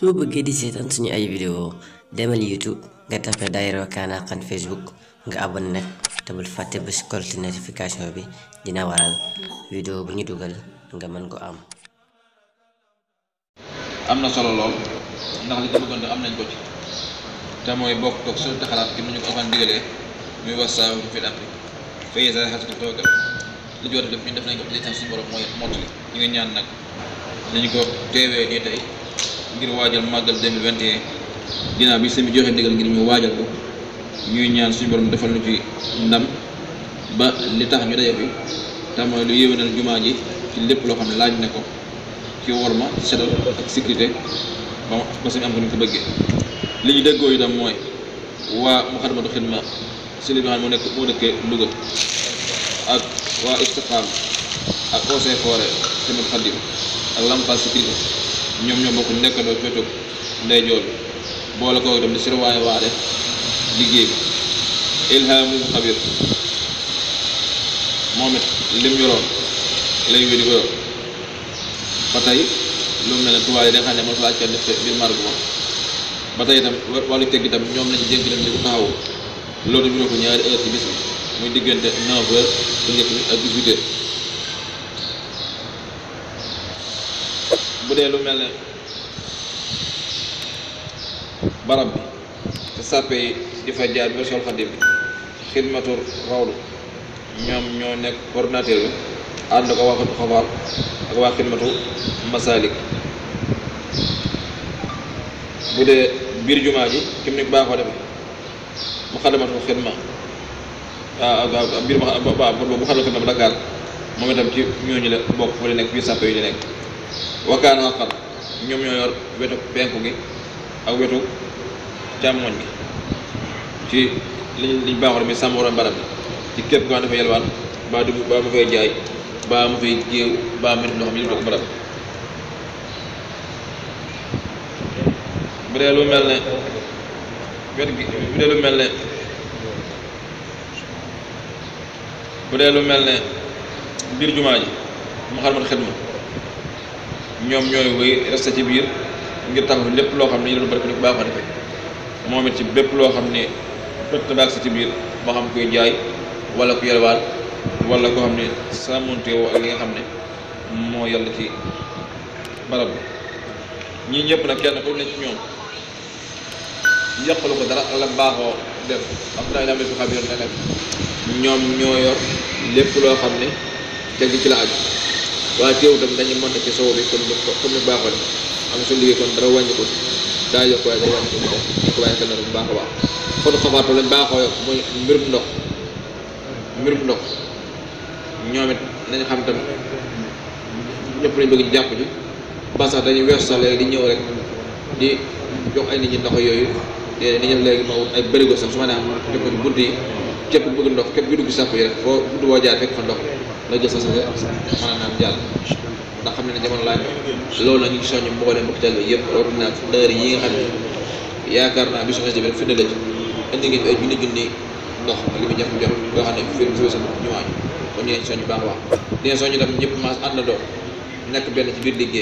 soo bëggee di seetaan suñu ay vidéo demal youtube nga tafe daayira Wakana Haqqan facebook nga abonné nag te bul fàtte ba si kolte notification bi dina waral vidéo bu ñu nga mën ko am am na solo lool ndax li ko ci te mooy nañu ko teewee nii tey ngir waajal màggal 2021 ginnaaw bi sëñ bi joxe ndigal ngir ñu waajal ko ñuy ñaan suñu borom defal ñu ci ndam ba li tax ñu daje fi te mooy lu yéwénal jumaa ji ci lépp loo xam ne laaj ne ko ci worma ci setal ak sécurité ba ba suñu am ko ñu ko bëggee li ñu déggoo itam mooy waa Muxaddamatul Xidma si li nga nekk moo dëkkee Louga ak waa Istiqaama ak Eaux et Forêts Xidmatul ak Lamp Fall ñoom ñoom bokk nekkandoo féetug ndeyjoor boole kooku dem di surwaaye waale liggéey bi ilhaamu xabir moom it lim yoroon lay wéy di ba tey lu mel ne tubaab yi da nga xam ne def biir marg ba tey itam wàllu teg itam ñoom lañu jënk dem di ko taxawu loolu ñu ko ñaari heure ci bis bi muy diggante 9 heures bu njëkk bi ak 18 bu dee lu mel ne barab bi te sàppe yi di fa jaar ba sol xadim bi xidmatu rawdu ñoom ñoo nekk coordinateur bi ànd ko waxatu xabaar ak waa xidmatu masalik bu dee biir jumaa ji kim ni baaxoo defe mu xadamatu xidma ah, biir ma ba bu xadamatu xidma bu Dakar moom itam ci ñu la bokk fu di nekk biir sàppe yi di nekk wakkaana xaqan ñoom ñoo yor wetu penku gi ak wetu càmmoñ gi ci liñ liñ baaxoon mi sàmm barab bi ci képp ko dafa yelwaan baa dugg baa mu fay jaay baa mu fay géew baa mu def loo barab bu dee lu mel ne wet gi bu dee lu mel ne bu dee lu mel ne biir jumaa ji mu xarmat xidma ñoom ñooy wéy resté ci biir ngir taxaw lépp loo xam ne ñu doon bëri ko baax a defee moom it ci bépp loo xam ne pët baax si ci biir moo xam kuy jaay wala ku wala koo xam ne saamonteewoo ak xam ne moo yàlla ci barab bi ñii ñëpp nag kenn ku ne ci ñoom yàqalu ko dara la baaxoo def am naa lam su xam yoon lépp loo xam ne teg ci la aju waaye teew tam dañu mën ci sow bi comme comme ni baaxoo ne am suñu liggéey kon dara wàññi ko daa yokk waaye day wàññi ko bu bu baax a baax kon xabaatu baaxoo yokk mooy ndox mbirum ndox ñoom it nañu tam ñëpp lañ bëgg jàpp ji ba sax dañuy weesu di ñëw rek di jox ay nit ñi ndox yooyu léegi ni ñëw léegi ma wut ay bërigo sax su ma nee am képp bunt yi képp bëgg ndox képp gi dugg sàpp yi rek foo bunt boo fekk fa ndox la jël sa sañ am a naan xam ne ne jamono laaj loolu la ñu soññ mbooleem mbokk jàll yëpp rawatina daara yi nga xam ne yaakaar naa bi soxna si bi rek fi ne la ci indi ngeen ay junni junni ndox li mu jaf jot a xam ne fi mu soosa a waañ kon ñu leen soññ baax wax dina soññ tam ñëpp maas àndandoo nekk benn ci biir bi bi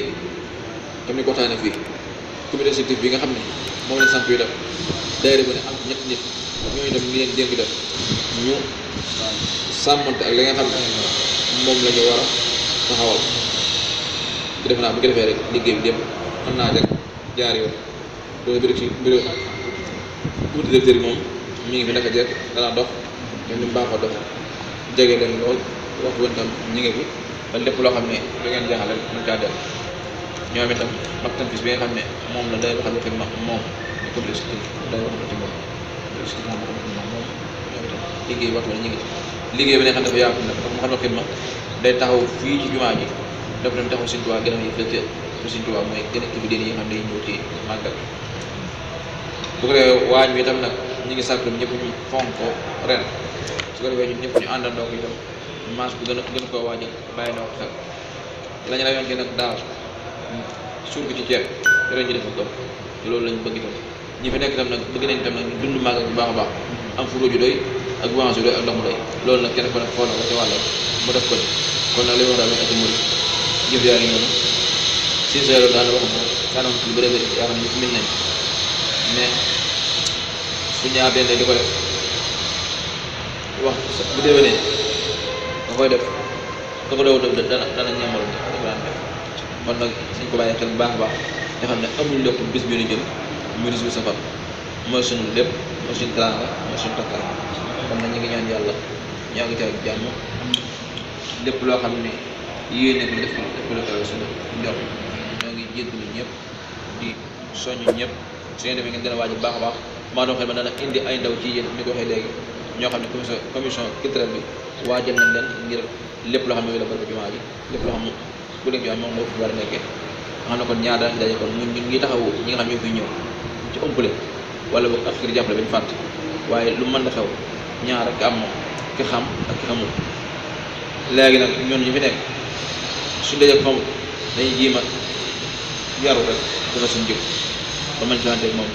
nga xam ne moom lañ sant yu def daayira bu ne am ñett sàmmante ak li nga xam moom la ñu war a taxawal bu def naa bu ko rek liggéey bi dem mën naa jag jaar yoon loolu biir ci mbiru wuti directeur yi moom mi ngi fi naka jekk danaa dox ñoom ñu dox jege leen lool waxtu woon tam ñi ngi ba lépp loo xam ne lu ngeen jaaxle mën caa del ñoom itam maktan bi nga xam ne moom la day waxal waxi ma moom ñu complice day moom moom liggéey waxtu ñu ngi ci bi nga xam dafa yaatu nag dafa xam ne xidma day taxaw fii ci jumaa ji dafa dem taxaw Sëñ Tuubaa gën a yëkkati Sëñ Tuubaa mooy gën a kii yi nga xam ne wi itam nag ñu ngi sàkku ñëpp ñu fonk ko ren ñëpp ñu àndandoo ko itam maas bu gën koo waajal bàyyi na wax xel lañu la yoon nag daal suur bi ci ceeb ren ñu def ko loolu lañ bëgg ñi fi nekk itam nag bëgg nañ itam nag ñu dund màggal bu baax a baax am fu ju doy ak branche doy ak la mu doy loolu nag kenn ku nekk xool na ko ci wàllam mu def ko ci kon nag jëf yaa ngi si sa benn di ko def wax bu déwénee da koy def da ko doon def dana dana ñamal nag suñ ko bàyyi xel baax baax nga xam ne amul lépp bis bi ñu jëm muy bis safar mooy suñu lépp mooy suñu teraanga mooy kon nag ñu ngi ñaan yàlla ñoo ngi teew ak jàmm lépp loo xam ne yéene bi def lépp lu kawe suñu njort ñëpp di soññ ñëpp su ngeen defee ngeen bu baax baax ma dana indi ay ci yéen ni ko ñoo xam ne commission commission culturelle bi waajal nañ leen ngir lépp loo xam ne wi la bërëb lépp loo xam ne bu leen jumaa moom moo fi war a kon ñaar dana ci daje kon ñun ñun ñi taxawu ñi nga xam ñoo fi ñëw ci ëmpale wala boog ak kir jàppale bañ fàtt waaye lu mën na xew ñaar ak am moom ki xam ak ki xamul léegi nag ñun ñu fi nekk su dee ak xamul dañuy jiim ak yaru rek dina suñ jub ba man ci wanteeg moom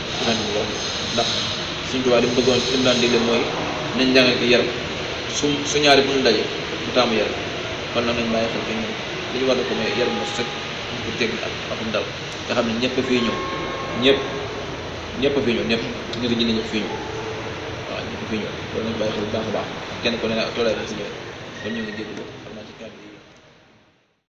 suñ daan digle mooy nañ jàngal ki yaram su su ñaari bu ñu daje mu taamu yaram kon nag nañ xel ci ñun li ñu war ko mooy yaram mo sëkk bu teg ak akum dal nga xam ne ñëpp fii ñëw ñëpp ñëpp a fii ñëw ñëpp nit ñi ñëpp fii ñëw tunjuk. Kau ni bahasa hutang sebab. Kena kena nak tolak dah sikit. Penyu dia dulu.